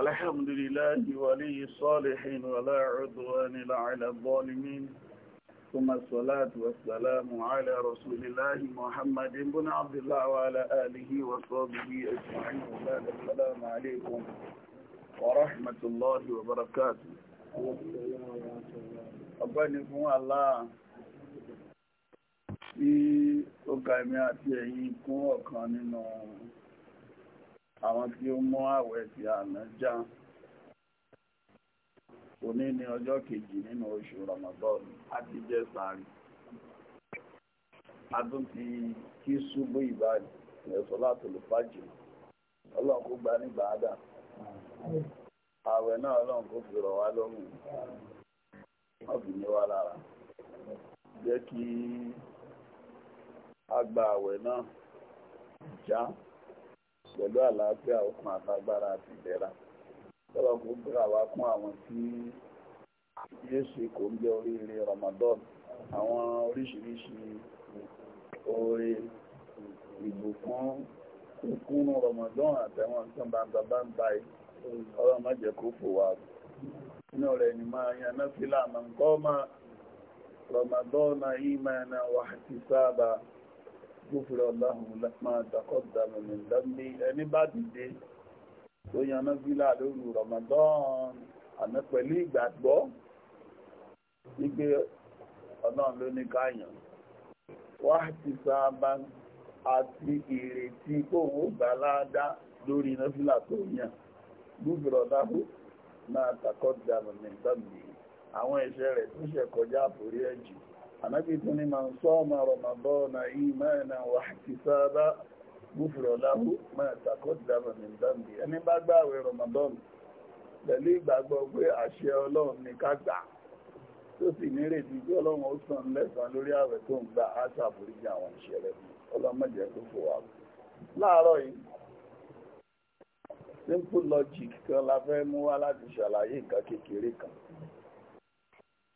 الحمد لله ولي الصالحين ولا عدوان لا على الظالمين ثم الصلاة والسلام على رسول الله محمد بن عبد الله وعلى آله وصحبه أجمعين السلام عليكم ورحمة الله وبركاته أبني فون الله في أقامي أتيه كون أقامي àwọn tí ó mú àwẹ̀ ti àná já òní ní ọjọ́ kejì nínú oṣù Ramadan a ti jẹ sàárì a tún ti kí ṣubú ìbáyìí ẹ̀sọ́ láti lè fàájì ọlọ́run kó gba nígbà ádà àwẹ̀ náà ọlọ́run kó fi rọ̀ wá lọ́rùn wọ́n fi ní wá lára jẹ́ kí a gba àwẹ̀ náà já. Ja. pẹ̀lú àlàáfíà la àtagbára àti ìlera tọ́lọ̀ kò gbéra wá fún àwọn tí yóò ṣe kò ń jẹ oríire Ramadan àwọn oríṣiríṣi oore ìbùkún ìkúnnú Ramadan àtẹ̀wọ̀n tó bá ń ta bá ń ta yìí ọlọ́run má jẹ́ kó fò wá inú rẹ̀ ni máa yan Ramadan يغفر الله له ما تقدم من ذنبه ẹni bá dìde tó yan nàfílà lóru Ramadan àná pẹ̀lú ìgbàgbọ́ wípé ọlọ́run ló ní káyàn wá ti sáábà àti ìrètí kóhùn ó gbà láadá lórí nàfílà tó yàn gbúgbùrọ̀ ọ̀dáhù náà tàkọ́ dànù àwọn ẹ̀ṣẹ̀ rẹ̀ tó ṣẹ̀ kọjá àforí ànábì tún ní màá sọ ọmọ rọmọbọ na ìmọ̀ẹ̀nà wà ti sáábà gúfùrọ̀ láhú máa tàkọ́dàmà ní zambi ẹni bá gbààwẹ̀ rọmọbọ pẹ̀lú ìgbàgbọ́ pé àṣẹ ọlọ́run ní ká gbà tó sì nírètí pé ọlọ́run ó san lẹ́san lórí ààwẹ̀ tó ń gbà á ṣàforíjì àwọn ìṣẹ̀lẹ̀ ọlọ́mọdé tó fò wá láàárọ̀ yìí simple logic kan la fẹ́ mú wá láti ṣàlàyé nǹkan kékeré kan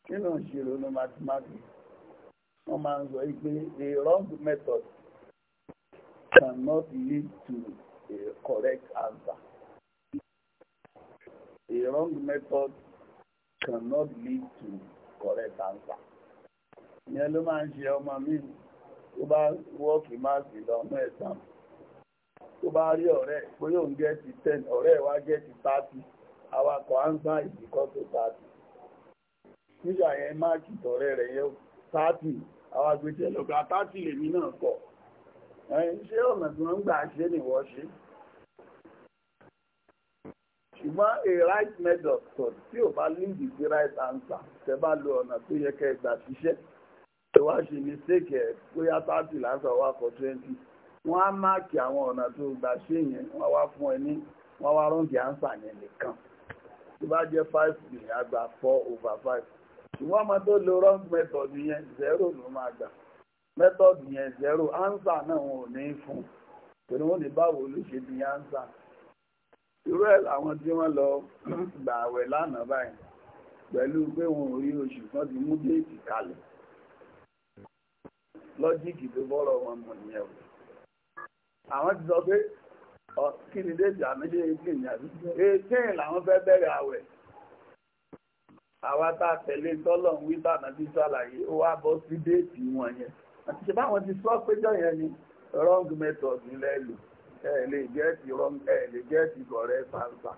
nínú ìṣirò ní mathematics wọ́n máa ń the wrong method cannot lead to a correct answer. A wrong method cannot lead to correct answer. Ìyẹn ló máa ń ṣe ọmọ mi tó bá wọ́ọ̀kì máàkì lọ ọmọ ẹ̀sán. Tó bá rí ọ̀rẹ́ bóyá òun jẹ́ ti ten ọ̀rẹ́ wa jẹ́ ti thirty awakọ̀ ansa ìdíkọ́ tó thirty. Nígbà yẹn rẹ̀ thirty àwọn àgbẹ̀tẹ́ lọ́kọ̀ àtàtì lèmi náà kọ̀ ṣé ọ̀nà tí wọ́n ń gbà ṣe ni wọ́n ṣe ṣùgbọ́n a right method kọ̀ tí ò bá lead the right answer tẹ bá lo ọ̀nà tó yẹ kẹ́ gbà ṣiṣẹ́ ẹ wá ṣe mistake ẹ bóyá thirty lásán wá kọ twenty wọ́n á máàkì àwọn ọ̀nà tó gbà ṣe yẹn wọ́n wá fún ẹ ní wọ́n wá rọ́ǹgì answer yẹn nìkan tó bá jẹ́ five billion àgbà four over five ṣùgbọ́n ọmọ tó lo wrong method yẹn zero ló máa gbà method yẹn zero answer náà wọn ò ní fún torí wọn ní báwo ló ṣe di answer irú ẹ̀ làwọn tí wọ́n lọ gbààwẹ̀ lánàá báyìí pẹ̀lú pé wọn ò rí oṣù kan ti mú déètì kalẹ̀ lọ́jíìkì tó bọ́rọ̀ wọn mọ̀ nìyẹn o àwọn ti sọ pé kí ni déètì àmì déètì ni àbí eighteen làwọn fẹ́ bẹ̀rẹ̀ àwẹ̀ àwa tá a tẹ̀lé tọ́lọ̀ ń wí bàbá bí sàlàyé ó wá bọ́ sí déètì wọn yẹn àti ṣe báwọn ti sọ péjọ yẹn ni wrong method nílẹ̀ lò ẹ lè gẹ́ẹ̀tì wrong ẹ lè gẹ́ẹ̀tì correct answer.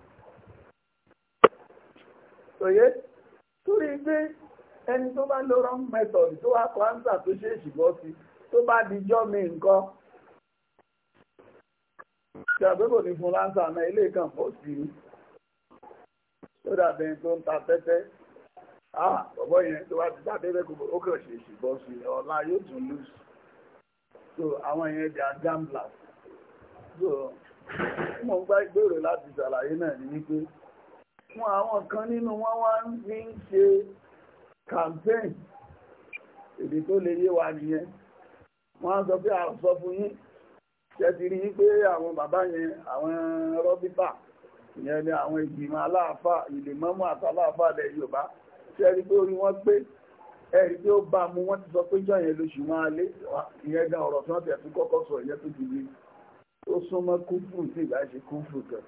òye torí pé ẹni tó bá lo wrong method tó wá kọ answer tó ṣèèṣì bọ́ sí tó bá dijọ́ mi nǹkan ṣàgbé kò ní fún lánsà náà ilé kan pọ̀ sí i ó dàbí tó ń ta tẹ́tẹ́ Ah, ọ̀bọ̀ yẹn tó wá ti dáadé lẹ́kọ̀ọ́ ó kàn ṣe ìṣìbọn sí ọ̀la yóò tún lose so àwọn yẹn di agambla so mo ń gbá ìgbèrò láti ṣàlàyé náà ní wípé fún àwọn kan nínú wọn wá ní ń ṣe campaign èdè tó lè yé wa nìyẹn wọ́n á sọ pé a sọ fún yín ṣe ti rí pé àwọn bàbá yẹn àwọn rọ́bíbà ìyẹn ni àwọn ìgbìmọ̀ aláàfáà ìlèmọ́mọ́ àtàláàfáà lẹ̀ Yorùbá tí ẹ̀rí pé orí wọn pé ẹ̀rí pé ó bá mu wọ́n ti sọ pé jọ̀yẹn lóṣù wọn alé ìyẹn gan ọ̀rọ̀ tí wọ́n ti ẹ̀tún kọ́kọ́ sọ ìyẹn tó ti di ó súnmọ́ kúfù tí ìbá ṣe kúfù kan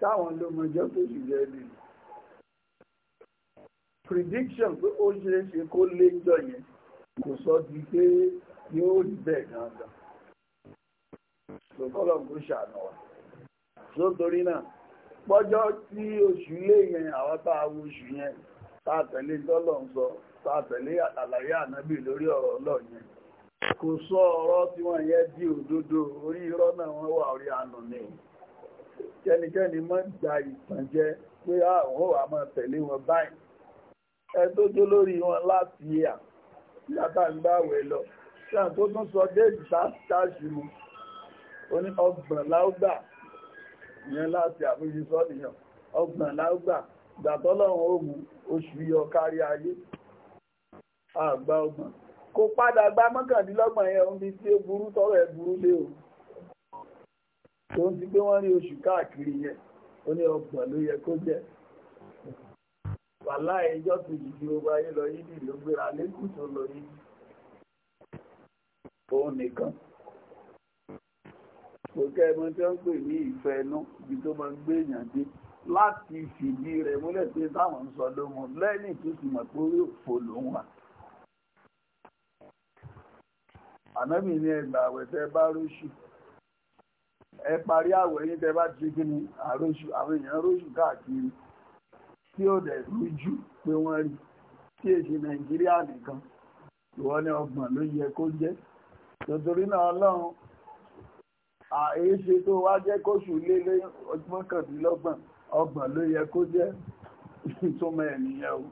táwọn ló mọ ọjọ́ tó ṣì jẹ́ lè prediction pé ó ṣeé ṣe kó lé jọ̀yẹn kò sọ di pé yóò rí bẹ́ẹ̀ gangan lọ́kọ́lọ́ kò ṣàánú wa sótórí náà pọ́jọ́ tí oṣù lé yẹn àwọn tá a wo oṣù yẹn tààtẹ̀lé tọ́lọ̀ ń sọ tààtẹ̀lé àlàyé ànábì lórí ọ̀rọ̀ ọlọ́yìn kò sọ ọ̀rọ̀ tí wọ́n yẹ di òdodo orí irọ́ náà wọ́n wà orí àánú ni kẹ́nikẹ́ni má gba ìtànjẹ pé àwọn a máa tẹ̀lé wọn báyìí ẹ tó jó wọn láti yà yàtà ń bá wẹ̀ lọ sáà tó tún sọ mu oní ọgbọ̀n ìyẹn láti ọgbọ̀n gbàtọ́lọ́run ó mú oṣù yọ kárí ayé àgbà ọgbọ̀n kò padà gba mọ́kàndínlọ́gbọ̀n yẹn omi tí ó burú tọ́rọ̀ ẹ̀ burú lé o tó ń ti pé wọ́n rí oṣù káàkiri yẹn ó ní ọgbọ̀n ló yẹ kó jẹ́ wàhálà ẹjọ́ tó yìí tí ó wáyé lọ yìí nìlò gbéra lẹ́kùn tó lọ yìí òun nìkan kò kẹ́ ẹ mọ tí wọ́n ń pè ní ìfẹ́ inú ibi tó máa ń gbé èèyàn dé láti fìdí rẹ̀ múlẹ̀ pé táwọn ń sọ ló mọ̀ lẹ́yìn tó sì mọ̀ pé orí òfò ló wà. ànábì ní ẹgbà àwẹ̀ tẹ́ bá róṣù ẹ parí àwẹ̀ yín tẹ́ bá ti kí ni àróṣù àwọn èèyàn róṣù káàkiri tí ó dẹ̀ rújú pé wọ́n rí tí èsì nàìjíríà nìkan ìwọ ní ọgbọ̀n ló yẹ kó jẹ́ tòtòrí náà ọlọ́run àìṣe tó wá jẹ́ kóṣù lé lé ọgbọ̀n kàndínlọ́gbọ̀n ọgbọ̀n ló yẹ kó jẹ́ ìtumọ̀ ènìyàn o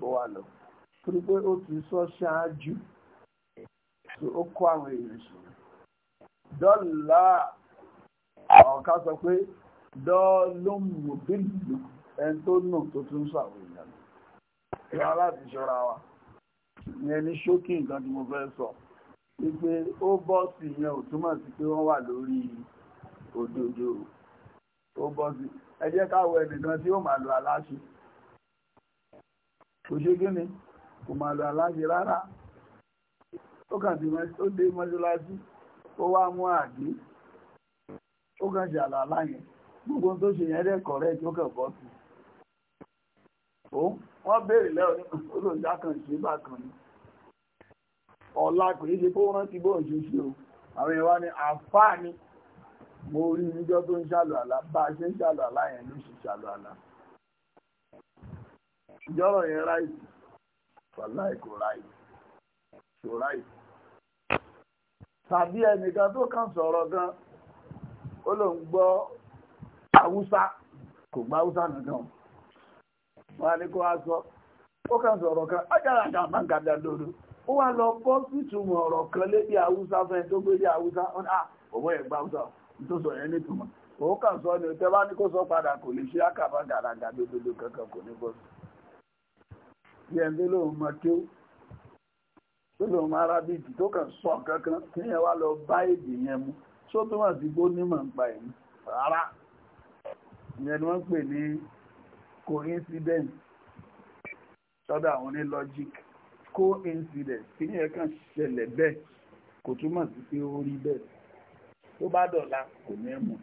bó wà lọ torí pé ó ti sọ ṣáájú ó kó àwọn èèyàn sùn dọ́là ọ̀ká sọ pé dọ́lọ́mù bílù ẹni tó nù tó tún sọ àwọn èèyàn lọ ìwà láti ṣọ́ra wa ìyẹn ní ṣókí nǹkan tí mo fẹ́ sọ wípé ó bọ́ sí ìyẹn ò túmọ̀ sí pé wọ́n wà lórí òdodo ó bọ́ sí ẹ jẹ́ káwọ ẹnìkan tí ó máa lo aláṣẹ kò ṣe kí ni kò máa lo aláṣẹ rárá ó kàn ti ó dé mọ́ṣáláṣí ó wá mú àdé ó kàn ṣe àlàlá yẹn gbogbo tó ṣe yẹn dẹ̀ kọ̀rẹ́ tí kàn bọ́ sí wọ́n béèrè lẹ́wọ̀n olóòjá kan ṣe bá kan ní ọ̀la kò yí ṣe kó rántí bóun ṣe ṣe o àwọn ìwà ni àǹfààní mo rí níjọ́ tó ń ṣàlù àlá bá a ṣe ń ṣàlù àlá yẹn ló ṣe ṣàlù àlá ìjọ́rọ̀ yẹn ráìtì wàláì kò ráìtì kò ráìtì tàbí ẹnìkan tó kàn sọ̀rọ̀ gan ó ló ń gbọ́ haúsá kò gbá haúsá nìkan wọn kó kan ájára lóru ó lọ bọ́ sí ìtumọ̀ ọ̀rọ̀ kan haúsá tó gbé dé haúsá ó ní ah, tó sọ yẹn nítumọ̀ òun kàn sọ ni tẹ bá ní kó sọ padà kò lè ṣe àkàbà gàràgà dododo kankan kò ní bọ́ sí. bí ẹni tó lóun mọ kí ó tó lóun mọ arábíkì tó kàn sọ kankan kí yẹn wá lọ bá èdè yẹn mu só sí gbónímọ̀ nípa ẹ̀ rárá ìyẹn ni wọ́n ń pè ní coincidence sọ́dọ̀ àwọn ní logic coincidence kí ni ẹ̀ kàn ṣẹlẹ̀ bẹ́ẹ̀ kò túmọ̀ sí pé ó rí bẹ́ẹ̀. tó bá dọ̀la kò ní mọ̀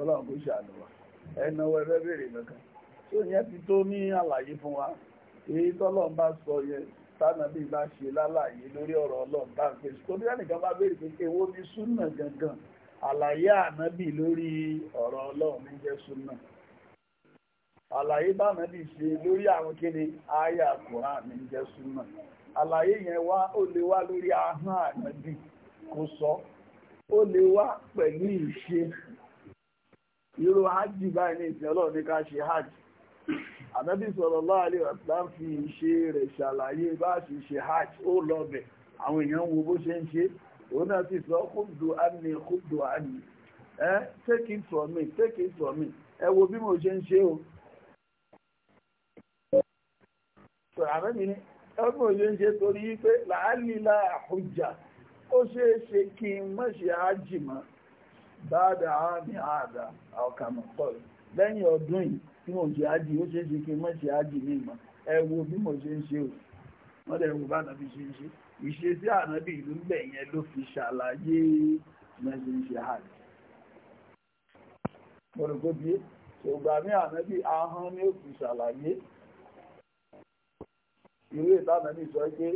ọlọ́run kò ṣàánú wa ẹnu ẹrẹ béèrè kankan tó ti tó ní àlàyé fún wa èyí tọ́lọ́run bá sọ yẹn tánàbí bá ṣe lálàyé lórí ọ̀rọ̀ ọlọ́run bá ń pèsè bá béèrè pé ní gangan àlàyé ànábì lórí ọ̀rọ̀ ọlọ́run ní jẹ́ àlàyé ṣe lórí àwọn ní jẹ́ àlàyé yẹn wá ó lè ó lè wá pẹ̀lú ìṣe irú hajj báyìí ní ìsìn ọlọ́run ní ká ṣe hajj ànábì sallallahu alaihi wasallam fi ìṣe rẹ̀ ṣàlàyé bá ṣe ṣe hajj ó lọ bẹ̀ àwọn èèyàn wo bó ṣe ń ṣe òun náà ti sọ kúndù àmì kúndù àmì ẹ take it from me take it from me ẹ wo bí mo ṣe ń ṣe o sọ̀rọ̀ àbẹ́mi ni ẹ wo bí mo ṣe ń ṣe torí pé làálìlà àhújà ó ṣeé ṣe kí n mọ́ ṣe ájì mọ́ báadà àmì àkàmọ̀ pọ̀ lẹ́yìn ọdún yìí tí mo ṣe ájì ó ṣeé ṣe kí n mo ṣe ń ṣe o wọ́n lè wo bá nàbí ṣe ń ṣe ìṣe ànábì ìlú fi ṣàlàyé mọ́ ṣe ń ṣe ájì. mo rò pé bí ṣògbà ní ànábì ahọ́n ni ó fi ṣàlàyé ìwé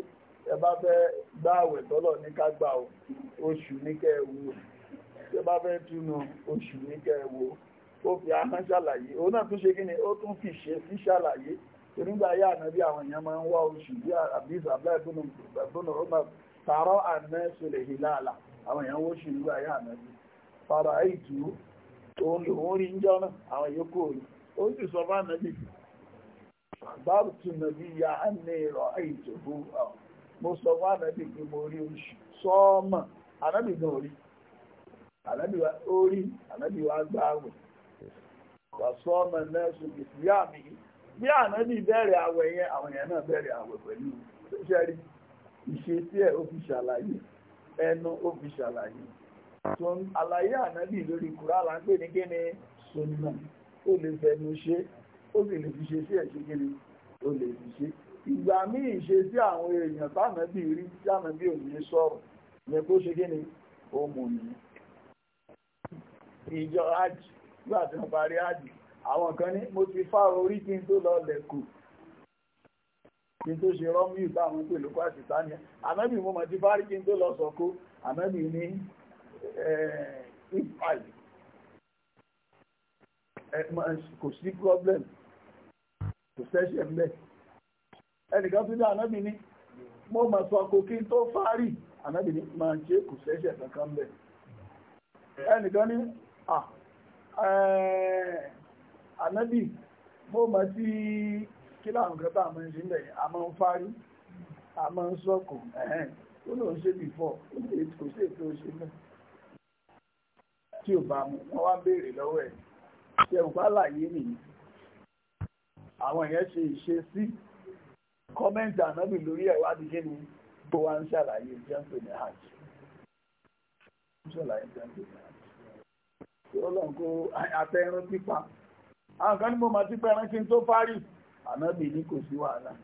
ẹ bá fẹ́ gbá àwẹ̀ tọ́lọ̀ ní ká gbà oṣù ní kẹwò ẹ bá fẹ́ túnú oṣù ní kẹwò ó fi ahọ́n ṣàlàyé òun náà tún ṣe kí ni ó tún fi ṣe sí ṣàlàyé onígbà yá ànábí àwọn èèyàn máa ń wá oṣù bí àbí ìsàbílẹ̀ ìbùnú ọmọ tààrọ̀ àná ṣẹlẹ̀ ìlàlà àwọn èèyàn wó ṣù nígbà yá ànábí fara ìtú òun lòun rí ń jọ́nà àwọn yòókù òní ó sì sọ fún ànábí báàbù tún nàbí ya á ní ìrọ̀ ìtòkú àwọn mo sọ fún ànábì pé mo rí oṣù sọ́ọ̀mọ̀ ànábì gan orí ànábì wa orí ànábì wa gbá àwẹ̀ wà sọ́ọ̀mọ̀ náà sókè sí yá mi bí ànábì bẹ̀rẹ̀ àwẹ̀ yẹn àwọn èèyàn náà bẹ̀rẹ̀ àwẹ̀ pẹ̀lú ṣẹ́rí ìṣesí ẹ̀ ó fi ṣàlàyé ẹnu ó fi ṣàlàyé tó ń àlàyé ànábì lórí kùrá là ń pè ní kíni sunna ó lè fẹnu ṣe ó sì lè fi ṣe sí ẹ̀ ṣe kíni ó lè fi ṣe ìgbà míì ṣe sí àwọn èèyàn tánàbí rí tánàbí ò ní sọ̀rọ̀ yẹ kó ṣe kíni ó mú ní ìjọ ájì nígbà tí wọ́n parí ájì àwọn kan ní mo ti fá orí kí n tó lọ lẹ̀kù kí n tó ṣe rọ́mí ìgbà àwọn pè lókọ́ àti sáníà àmẹ́bì mo mọ̀ ti fárí kí n tó lọ sọ̀kó àmẹ́bì ní ìfàyè kò sí problem kò sẹ́ṣẹ̀ mẹ́ẹ̀ ẹnìkan tún ní ànábì ní mo mà sọ kò kí n tó fárì ànábì ní máa ń ṣe kò ṣẹ́ṣẹ̀ kankan bẹ̀ ẹnìkan ní ànábì mo mà sí kí láwọn kan tá a máa ń ṣe ń bẹ̀ a máa ń fárì a máa ń sọ̀kò ẹ̀hẹ́n ó lóun ṣe bìfọ̀ kò sí ètò òṣèlú tí ò bá mú wọ́n wá béèrè lọ́wọ́ ẹ̀ ṣe òpá láyé nìyí àwọn èèyàn ṣe ìṣe kọ́mẹ́ntì ànábì lórí ẹ̀wà kí ni tó wá ń ṣàlàyé jẹ́ǹpẹ̀ ní hajj ń ṣàlàyé jẹ́ǹpẹ̀ ní hajj tí ó kó pípa àwọn kan ní mo máa ti pẹ́ran kí n tó parí ànábì ní kò sí wàhálà ní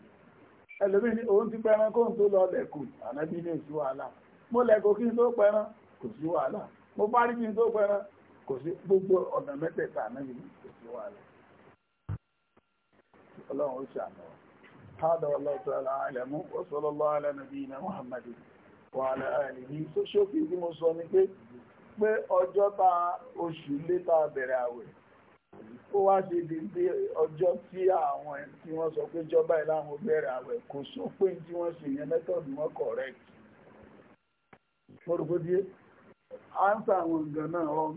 ti tó lọ ànábì ní mo n tó kò sí wàhálà mo parí kí n tó kò gbogbo ọ̀nà mẹ́tẹ̀ẹ̀ta ànábì ní kò sí wàhálà ọlọ́run ó هذا والله تعالى أعلم وصلى الله على نبينا محمد وعلى آله tó ṣókí tí mo sọ ni pé ó wá ṣe dédé ọjọ́ tí àwọn tí wọ́n sọ pé jọba ẹ̀ bẹ̀rẹ̀ àwẹ̀ kò sọ pé tí wọ́n sì yẹn mẹ́tọ̀dù wọn correct mo díẹ̀ answer àwọn nǹkan náà wrong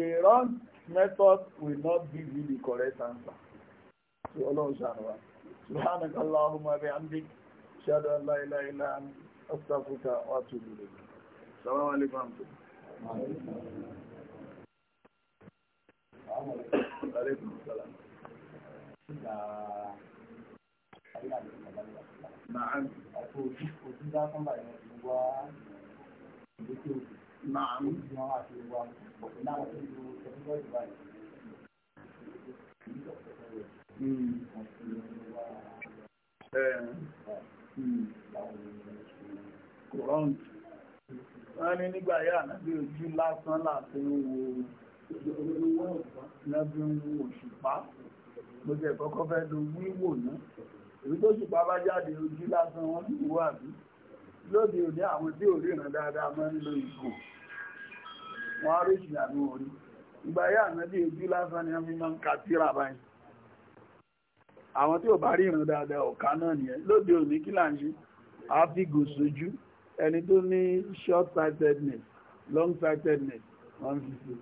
a wrong method will not give you the correct answer so ọlọ́run ṣàrọ̀ سبحانك اللهم وبحمدك أشهد أن لا إله إلا أنت أستغفرك وأتوب إليك السلام عليكم ورحمة السلام نعم نعم نعم kòrọ́ǹtì wọ́n ní nígbà yà náàbí ojú lásán láti ń wo náàbí ń wo òṣùpá mo jẹ́ kọ́kọ́ fẹ́ lo wíwò náà èyí tó ṣùpá bá jáde ojú lásán wọ́n sì wó àbí lóde òní àwọn tí ò ríran dáadáa máa ń lo ìgò wọ́n á rí ìṣìyàmú orí ìgbà yà náàbí ojú lásán ni wọ́n fi máa ń ka tíra báyìí àwọn tí ò bá ríran dáadáa ọ̀ká náà nìyẹn lóde òní kí là ń ṣe àfigò sójú ẹni tó ní short sightedness long sightedness one fifty.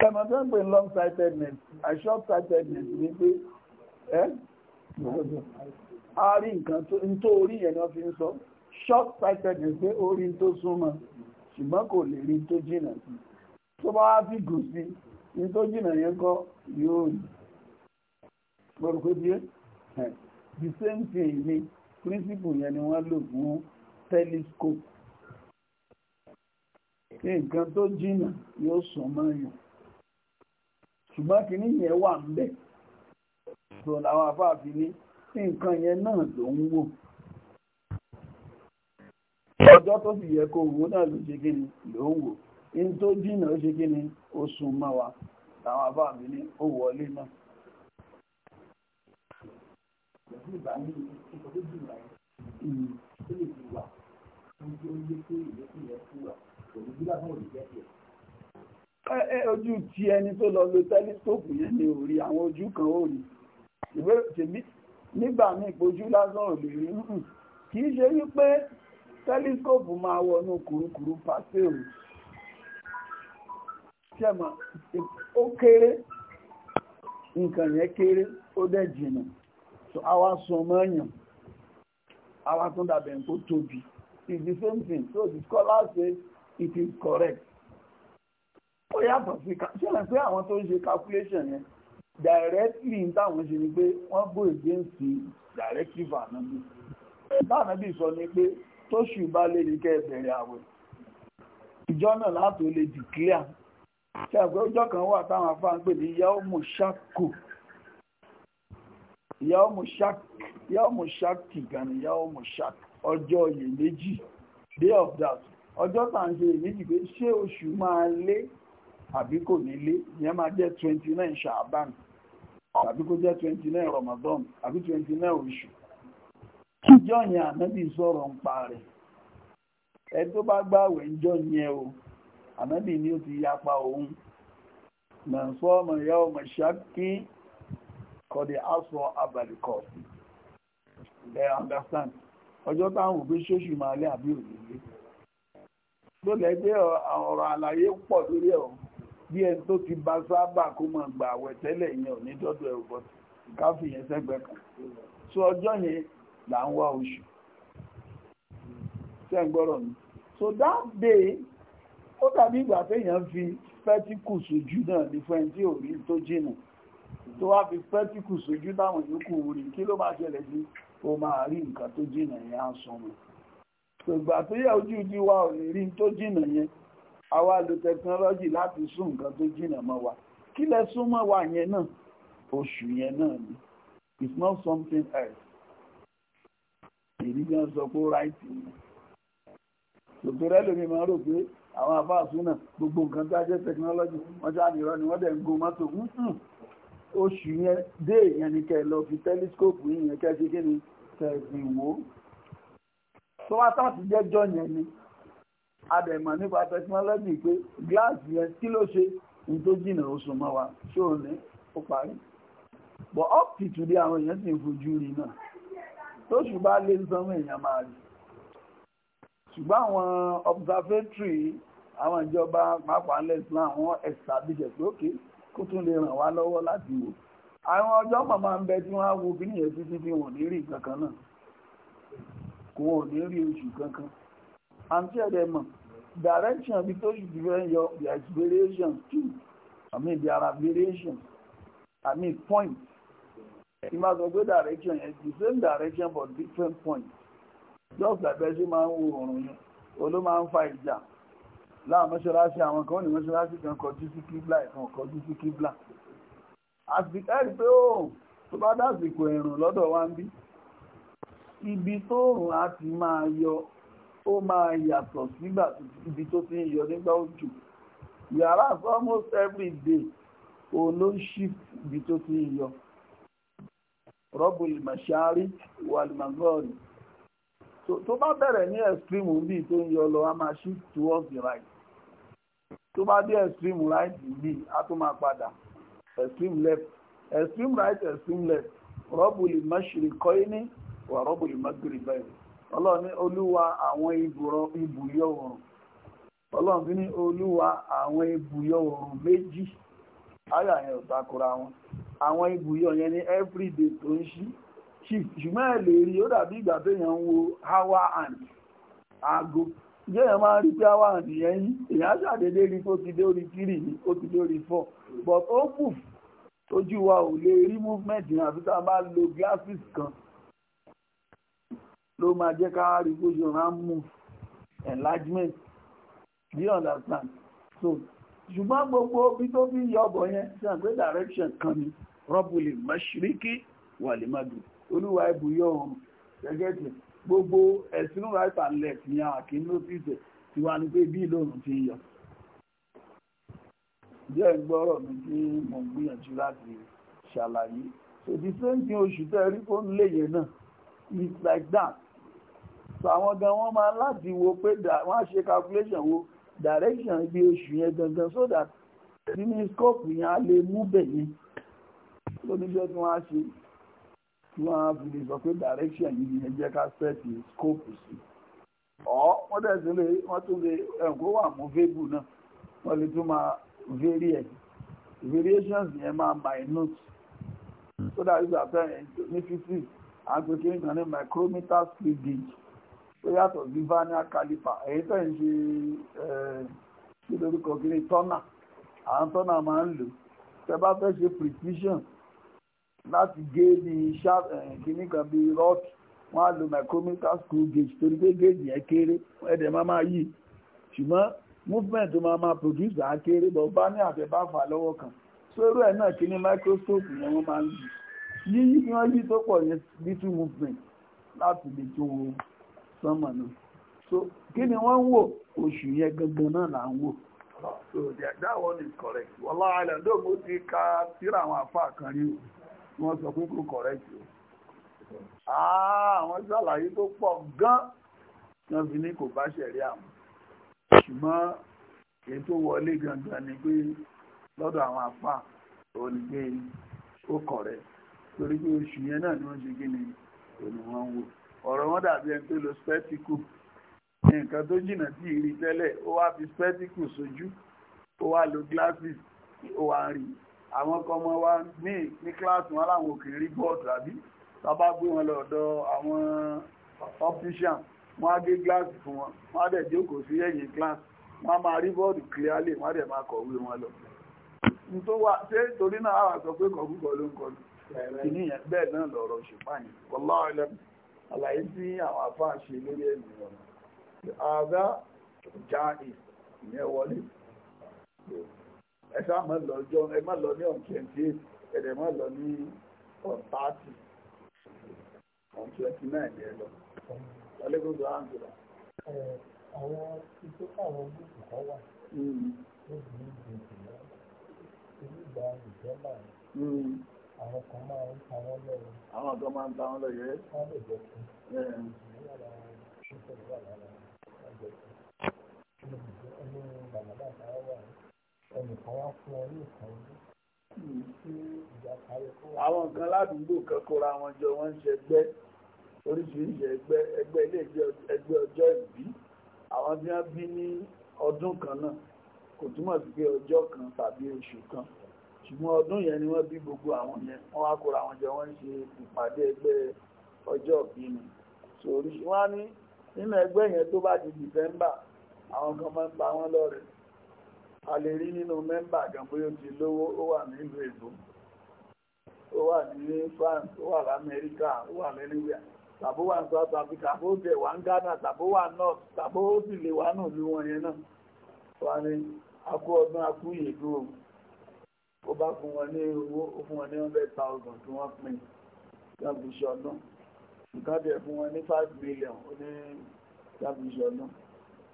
kẹmọ tó ń pè long sightedness a short sightedness ni pé ẹ a rí nǹkan tó orí yẹn ni wọ́n fi ń sọ short sightedness pé orí tó súnmọ́ ṣùgbọ́n kò lè rí tó jìnnà sí tó bá wá fìgò sí ní tó jìnnà yẹn kọ́ yóò rí lórúkọ díẹ̀ the same thing ni principle yẹn ni wọ́n lò fún telescope kí nǹkan tó jìnnà yóò sùn mọ́ yàn ṣùgbọ́n kí ní yẹn wà ń bẹ̀ tó làwọn afáàfin ní tí nǹkan yẹn náà ló ń wò ọjọ́ tó sì yẹ kó wò náà ló ṣe kí ni ló ń wò in tó jìnnà ó ṣe kí ni ó sùn mọ́ wa làwọn afáàfin ní ó wọlé náà ìgbà ní ìkọ̀ tó jìnnà yẹn tó lè fi wà fún tí ó yé pé ìlékún yẹn fún wa pẹ̀lú bí lábọ̀ òní jẹ́ tiẹ̀. ojú ti ẹni tó lọ lo tẹlifíṣọ́pù yẹn ni ò rí àwọn ojú kan ò rí tèmi nígbà míì pojú lásán ò rí kì í ṣe wípé tẹlifíṣọ́pù máa wọnú kùrukùru pàṣẹ ṣẹ́mà ó kéré nǹkan yẹn kéré ó dẹ̀ jìnnà so àwa sọmọ́yàn àwa tún dàbẹ̀ tó tóbi it's the same thing so the scholar say it is correct ó yàtọ̀ sí ṣẹlẹ̀ pé àwọn tó ń ṣe calculation yẹn directly ń táwọn ṣe ni pé wọ́n go against the directive ànábì báànábì sọ ni pé tóṣù bá lè ní kẹ́ bẹ̀rẹ̀ àwẹ̀ ìjọ náà láti lè declare ṣe àgbẹ̀ ọjọ́ kan wà táwọn afáǹpẹ̀ ní yahoo moshaku yọ́ọ̀mù ṣáàkì gani yọ́ọ̀mù ṣáàkì ọjọ́ day of doubt ọjọ́ tá à pé ṣé oṣù máa lé àbí kò ní lé ìyẹn máa jẹ́ twenty nine ṣàbán àbí twenty nine ramadan àbí twenty nine oṣù ìjọ yẹn ànábì sọ̀rọ̀ ń pa rẹ̀ ẹ tó bá gbàwẹ̀ ìjọ yẹn o ànábì ni ó ti yapa òun ọmọ ìyá kọ̀dé asọ abàlìkọ̀ ẹ understand ọjọ́ táwọn òbí ṣóṣù máa lé àbí òdìlé tó lẹ́gbẹ́ ọ̀rọ̀ àlàyé pọ̀ lórí ẹ̀ bí ẹni tó ti bá sábà kó mọ̀ gbà àwẹ̀ tẹ́lẹ̀ yẹn ò ní dọ́dọ̀ ẹ̀rù bọ́ káfí yẹn sẹ́gbẹ́ kan so ọjọ́ yẹn là ń wá oṣù tẹ́ ń gbọ́rọ̀ mi so that day ó dàbí ìgbà téèyàn fi fẹ́tíkù sójú náà ní fún ẹni tí ò rí tó jìnnà tó wá fi pẹ́tíkù sójú táwọn yòókù rí kí ló máa ṣẹlẹ̀ sí o máa rí nǹkan tó jìnà yẹn á sọmọ ìgbà tó yẹ ojú ojú wa ò lè rí tó jìnà yẹn àwa lo tẹkinọ́lọ́jì láti sún nǹkan tó jìnà mọ́ wa kí lẹ sún mọ́ wa yẹn náà oṣù yẹn náà ni it's not something else ìdíjọ́ sọ pé right ni òtòrẹ́ lómi máa rò pé àwọn àfáàsùn náà gbogbo nǹkan tó ajẹ́ tẹkinọ́lọ́jì wọ́n já nìrọ́ ni wọ́n dẹ̀ ń go mọ́tò oṣù yẹn dé èèyàn ní kẹ́ lọ fi tẹlifíṣkópù yìnyẹn kẹ́ kí ni kẹ̀sìn wò tó wá táàtì jẹ́jọ́ yẹn ni adẹ̀mọ̀ nípa tẹkinọ́lọ́jì pé gíláàsì yẹn kí ló ṣe ní tó jìnà oṣù mọ́ wa ṣó o ní ó parí but up to today àwọn èèyàn sì ń fojú rí náà tó ṣùgbọ́n lè sanwó èèyàn máa rí ṣùgbọ́n àwọn observatory àwọn ìjọba pàápàá lẹ́sìn àwọn ẹ̀sà bíjẹ̀ pé ókè okay kó tún lè ràn wá lọ́wọ́ láti wò àwọn ọjọ́ màmá ń bẹ tí wọ́n á wo bí nìyẹn títí tí wọ́n ní rí kankan náà kò wọ́n ní rí oṣù kankan àǹtí ẹ̀rẹ̀ mọ̀ direction bí tó ṣùgbọ́n fẹ́ yọ their variation too i mean there are variations i mean points ìmọ̀ sọ pé direction yẹn the same direction but different points just like bẹ́ẹ̀ ṣe máa ń wo òòrùn yẹn oló máa ń fa ìjà láwọn mọ́ṣáláṣí àwọn kan ní mọ́ṣáláṣí kan kọjú sí kíblà ìkan kọjú sí kíblà ẹ̀rí pé oòrùn oh, tó bá dásìkò ẹ̀rùn lọ́dọ̀ wa ń bí ibi tóòrùn á ti máa yọ ó máa yàtọ̀ sígbà ibi tó ti ń yọ nígbà òjò yàrá almost every day òun ló ń shift ibi tó ti ń yọ rọ́bùlì màṣáárì wàlìmàgọ́rì tó bá bẹ̀rẹ̀ ní extreme ń bì tó ń yọ lọ a máa shift towards the right tó bá dé extreme right bì a tó máa padà extreme left extreme right extreme left rọ́bùlì mọ́ṣìrì kọ́ínì wà rọ́bùlì mọ́gbìrì bẹ́ẹ̀ ọlọ́run ní olúwa àwọn ibùyọ oòrùn ọlọ́run ní olúwa àwọn ibùyọ oòrùn méjì ayà yẹn ò takora wọn àwọn ibùyọ yẹn ní everyday tó ń ṣí Chief, ṣùgbọ́n ẹ lè rí ó dàbí ìgbà tó yàn ń wo hour hand aago jẹ́ èèyàn máa ń rí pé hour hand yẹn yí èèyàn ṣàdédé rí pé ó ti dórí three ni ó ti dórí four but ó move ojú wa ò lè rí movement yẹn àfi tá a bá lo glasses kan ló máa jẹ́ ká rí bójú ọ̀rá move enlargement do you understand so ṣùgbọ́n gbogbo bí tó fi yọ ọbọ̀ yẹn ṣe àgbé direction kan ni rọ́bùlì mashiriki wà lè má dùn olúwa ibùyọ òun gẹ́gẹ́tì gbogbo ẹ̀sìn right and left ni àwọn kì í notice ti wá ní pé bí lóòrùn ti ń yọ. díẹ̀ ń gbọ́rọ̀ mi tí mo ń gbìyànjú láti ṣàlàyé so the same thing oṣù tẹ́ rí fóònù léyè náà is like that so àwọn gan wọ́n máa láti wo pé wọ́n á ṣe calculation wo direction ibi oṣù yẹn gangan so that nínú scope yẹn a lè mú bẹ̀ yẹn lóníṣẹ́ tí wọ́n á ṣe tí wọ́n á fi lè sọ pé direction yìí ni ẹjẹ́ ká sẹ́ẹ̀tì scope sí ọ́ wọ́n dẹ̀ sí lè wọ́n tún lè ẹ̀kọ́ wà mú fébù náà wọ́n lè tún máa vary ẹ̀ variations yẹn máa minute so that is after ní physics àgbèké nǹkan ní micrometer split gauge tó yàtọ̀ sí vernier caliper èyí tẹ̀ ń ṣe kí lórúkọ kí ni tọ́nà àwọn tọ́nà máa ń lò tẹ bá fẹ́ ṣe precision láti gé ní eh, kìíní kan bí rọ́ọ̀kì wọ́n á lo micrometer screw gauge torí pé gauge yẹn kéré ẹ̀dẹ̀ máa máa yí ṣùgbọ́n movement tó máa máa produce á kéré bọ̀ bá ní àtẹ̀bá fà lọ́wọ́ kan sórú ẹ̀ náà kìíní microscope yẹn wọ́n máa ń yí wọ́n yí tó pọ̀ yẹn little movement láti lè tó wo sánmà náà so kí ni wọ́n ń wò oṣù yẹn gangan náà là ń wò so that one is correct wọ́lá àlẹ́ lóògùn ti ka síra àwọn àfáà kan rí o wọ́n sọ pé kò kọ̀rẹ́tì o ah, àwọn ṣàlàyé tó pọ̀ gan náà fi ní kò bá ṣẹ̀rí àwọn ṣùgbọ́n èyí tó wọlé gangan ni pé lọ́dọ̀ àwọn apá òun ni ó kọ̀rẹ́ torí pé oṣù yẹn náà ni wọ́n ṣe gíní òun wọn wò ọ̀rọ̀ wọn dàbí ẹni tó lo spẹ́tíkù nǹkan tó jìnnà tí ìrí tẹ́lẹ̀ ó wá fi spẹ́tíkù sójú ó wá lo glasses ó wá rí i àwọn kọmọ wa ní ní kíláàsì wọn láwọn òkè rí bọ́ọ̀dù àbí sábà gbé wọn lọ́dọ̀ àwọn optician ma á gé gíláàsì fún wọn wọ́n á dẹ̀ jókòó sí ẹ̀yìn gíláàsì ma á máa rí bọ́ọ̀dù clearly wọ́n á dẹ̀ máa kọ̀wé wọn lọ. nítorí náà àwọn bẹ́ẹ̀ e mọ́ lọ jọ ẹ má lọ ní on 28 ẹ̀dẹ̀ lọ ní on 30 on 29 nine lọ ọlẹ́gbọ́n tó àwọn gúúsù kan wà níbi ìgbìyànjú ìjọba àwọn kan máa ń ta lọ́wọ́. àwọn kan máa àwọn fún ọ ní ìkànnì àwọn kan ládùúgbò kan kóra wọn jọ wọ́n ń ṣẹgbẹ́ oríṣiríṣi ẹgbẹ́ ẹgbẹ́ ilé ẹgbẹ́ ọjọ́ ìbí àwọn tí wọ́n bí ní ọdún kan náà kò túmọ̀ sí pé ọjọ́ kan tàbí oṣù kan ṣùgbọ́n ọdún yẹn ni wọ́n bí gbogbo àwọn yẹn wọ́n wá kóra wọn jọ wọ́n ń ṣe ìpàdé ẹgbẹ́ ọjọ́ ìbí ni sòrí wọ́n á ní nínú ẹgbẹ́ yẹn tó bá di dìfẹ́mbà àwọn kan máa ń pa wọ́n lọ́rẹ̀ẹ́ a lè rí nínú mẹ́mbà kan ti lówó ó wà nílùú èbó ó wà ní France ó wà lamẹ́ríkà ó wà lẹ́nìwíà tàbó wà South Africa tàbó jẹ wà ní Ghana tàbó wà North tàbó ó sì lè wà nù ní wọn yẹn náà wà ní akú ọdún akú yèdú o ó bá fún wọn ní owó ó fún wọn ní hundred thousand tí wọ́n pín yàn fi nǹkan tẹ̀ fún wọn ní five million ó ní yàn fi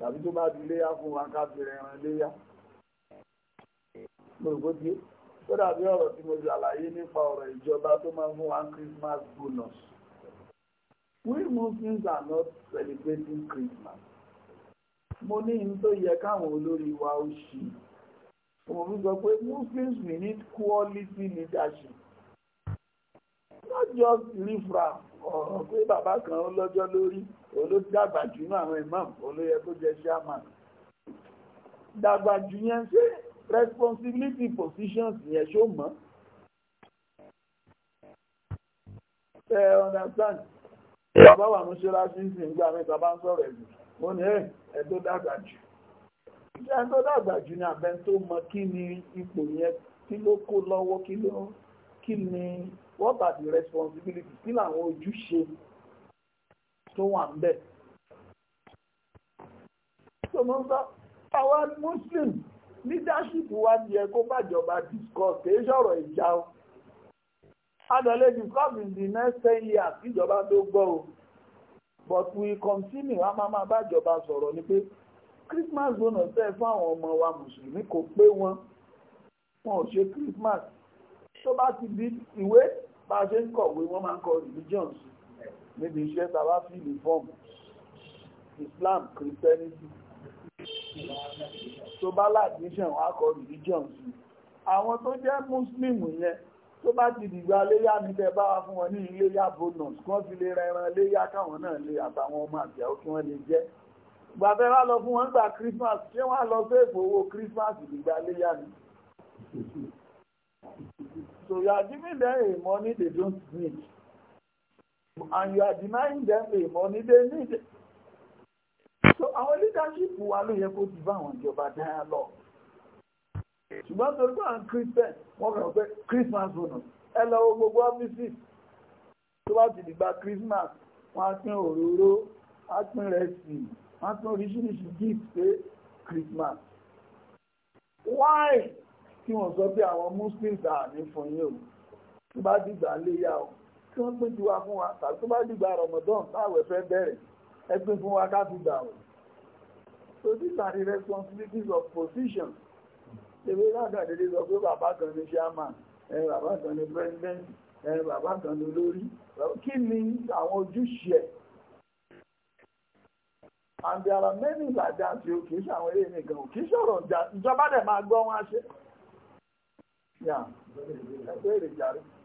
tàbí tó bá di léyá fún wa ká bẹ̀rẹ̀ ẹran léyá gbogbo tí ó dàbí ọ̀rọ̀ tí mo ṣàlàyé nípa ọ̀rọ̀ ìjọba tó máa ń fún wa Christmas bonus we Muslims are not celebrating Christmas mo ní ní tó yẹ káwọn olórí wa ó ṣe òun sọ pé Muslims we need quality leadership not just rifra ọ̀rọ̀ uh, pé bàbá kan ọlọ́jọ́ lórí olódàgbà jù ní àwọn imam olóyẹ tó jẹ chairman dàgbà jù yẹn ṣe responsibility positions yẹn ṣó mọ́ ẹ understand bàbá wà ní ṣọ́ra sí sí ń gbà mí bàbá ń sọ̀rọ̀ ẹ̀jù mo ní ẹ̀ tó dàgbà jù ẹ̀ tó dàgbà jù ni àbẹ́ tó mọ kí ni ipò yẹn kí ló kó lọ́wọ́ kí ló kí ni what are the responsibilities kí làwọn ojúṣe tó wà ń bẹ̀. so mo ń sọ àwa muslim leadership wa ni ẹ kó bàjọba discuss kì í ṣọ̀rọ̀ ìjà o adọ̀lẹ́ discuss in the next ten years ìjọba tó gbọ́ o but we continue a máa máa bàjọba sọ̀rọ̀ ni pé christmas bonus tẹ́ fún àwọn ọmọ wa mùsùlùmí kò pé wọn wọn ò ṣe christmas tó bá ti di ìwé bá ṣe ń kọ̀wé wọ́n máa ń kọ religions níbi iṣẹ́ tàbá fìlì fọ́ọ̀mù Islam Christianity tó bá láàdíṣàn wọ́n á kọ religions àwọn tó jẹ́ Muslim yẹn tó bá ti dìgbà léyà ní tẹ bá wá fún wọn ní iléyà bonus kí wọ́n fi lè rẹran léyà káwọn náà lè àtàwọn ọmọ àti àwọn kí wọ́n lè jẹ gbàfẹ́ wá lọ fún wọn gbà Christmas ṣé wọ́n á lọ sí èfò owó Christmas ìdìgbà léyà ni So you are giving them a money they don't need. And you are denying them a money they need. So our leadership wa ló yẹ kó ti bá àwọn ìjọba dialogue. Ṣùgbọ́n torí pé àwọn Christian wọ́n kàn pé Christmas bonus ẹ lọ wo gbogbo ọ́fíìsì tó bá ti dìgbà Christmas wọ́n á pín òróró, á pín rẹsì, wọ́n á pín oríṣiríṣi gift pé Christmas. Why? kí wọ́n sọ pé àwọn muslims àní fún yín o tó bá dìgbà léyà o kí wọ́n pín tiwa fún wa tàbí tó bá dìgbà ramadan táwẹ̀ fẹ́ bẹ̀rẹ̀ ẹ fún wa ká fi gbà o so these are the responsibilities of position ṣèwé lágàdédé sọ pé bàbá kan ní chairman ẹ bàbá kan ní president ẹ bàbá kan ní olórí kí ni àwọn ojúṣe ẹ̀ and there are many like that tí ó kìí ṣàwọn eré nìkan ò kìí ṣọ̀rọ̀ ìjọba dẹ̀ máa gbọ́ wọn ṣe.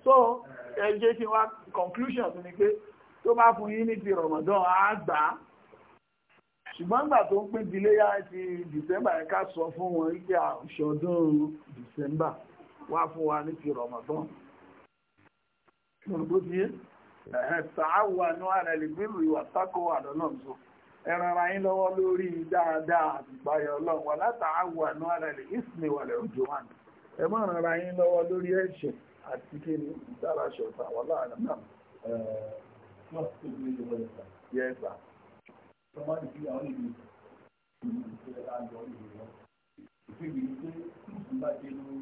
so ẹ jẹ́ kí wá conclusion ni pé tó bá fún yín ní ti Ramadan á gbà á ṣùgbọ́n nígbà tó ń pín ti December yẹn ká sọ fún wọn wípé àṣọdún December wá fún wa ní ti Ramadan gbogbo ti ẹ̀hẹ̀ sàáwò àánú ìwà sákò àdánà ẹran ara yín lọ́wọ́ lórí dáadáa àtìgbáyọ̀ ọlọ́run wà látàáwò àánú wà lẹ́rù ẹ má ràn ara yín lọ́wọ́ lórí ẹ̀ṣẹ̀ àti kí ni dára ṣọ̀tà wà láàrin náà. Yes, sir. Somebody see how it is. Ìgbégi ni pé ìgbà tí ó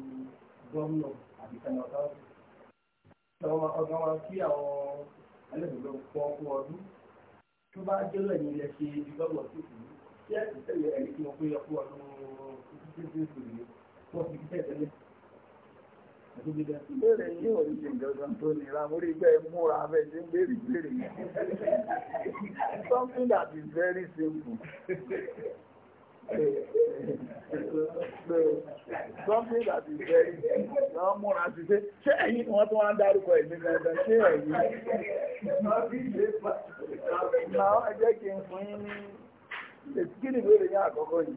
gómìnà àti kẹ́lẹ́ ọ̀tá ọ̀gá wa kí àwọn ẹlẹ́gbẹ̀ẹ́ pọ̀ ọkọ̀ ọdún tó bá jẹ́ lẹ́yìn ilẹ̀ ṣe ibi gómìnà tó kù ṣé ẹ̀sìn tẹ̀lé ẹ̀rí kí wọ́n pé ọkọ̀ ọdún títí tí ó sì rí wọ́n fi tẹ̀lé Something that is very simple. Something that is very simple. Wọ́n múra sí pé ṣé ẹ̀yin wọ́n tó wá ń dárúkọ ìlú dandan ṣé ẹ̀yin? Náà ẹ kí n fún yín ní kí ni ìbéèrè àkọ́kọ́ yìí?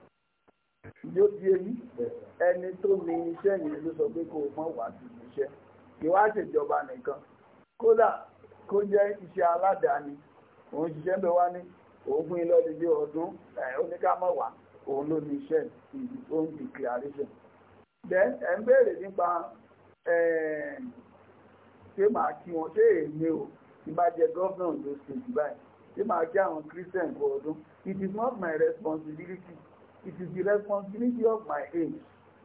yóò di èyí ẹni tó ní iṣẹ́ yìí ló sọ pé kò mọ̀ wá sí iṣẹ́ ìwá ṣèjọba nìkan kódà kó jẹ́ iṣẹ́ aládàáni òun ṣiṣẹ́ bẹ́ẹ̀ wá ní ogún ìlọ́dìdí ọdún oníkàmọ̀wá òun ló ní iṣẹ́ òun declaration. then ẹ̀ ń béèrè nípa ṣé màá kí wọn ṣé èmi o ti bá jẹ gọ́vnà ló ṣe jù báyìí ṣé màá kí àwọn christian kú ọdún it is not my responsibility it is the responsibility of my age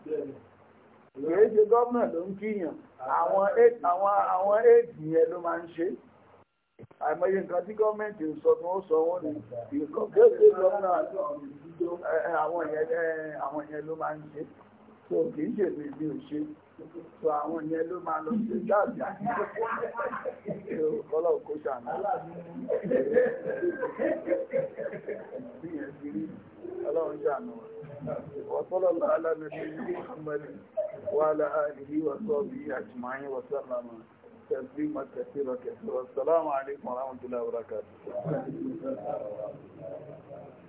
èyí ṣe gómìnà ló ń kíyàn àwọn àwọn éèdì yẹn ló máa ń ṣe àìmọye nǹkan tí gọ́ọ̀mẹ̀ntì ń sọ fún ó sọ wọ́n ní ìkọ̀kẹ́sẹ̀ gómìnà àwọn ìyẹn ló máa ń ṣe so kì í ṣe mi ò ṣe tó àwọn yẹn ló máa lọ sí gáàsì kọ́lá òkú ṣàná ọlọ́run ṣàná وصلى الله على نبينا محمد وعلى آله وصحبه أجمعين وسلم تسليما كثيرا كثيرا والسلام عليكم ورحمة الله وبركاته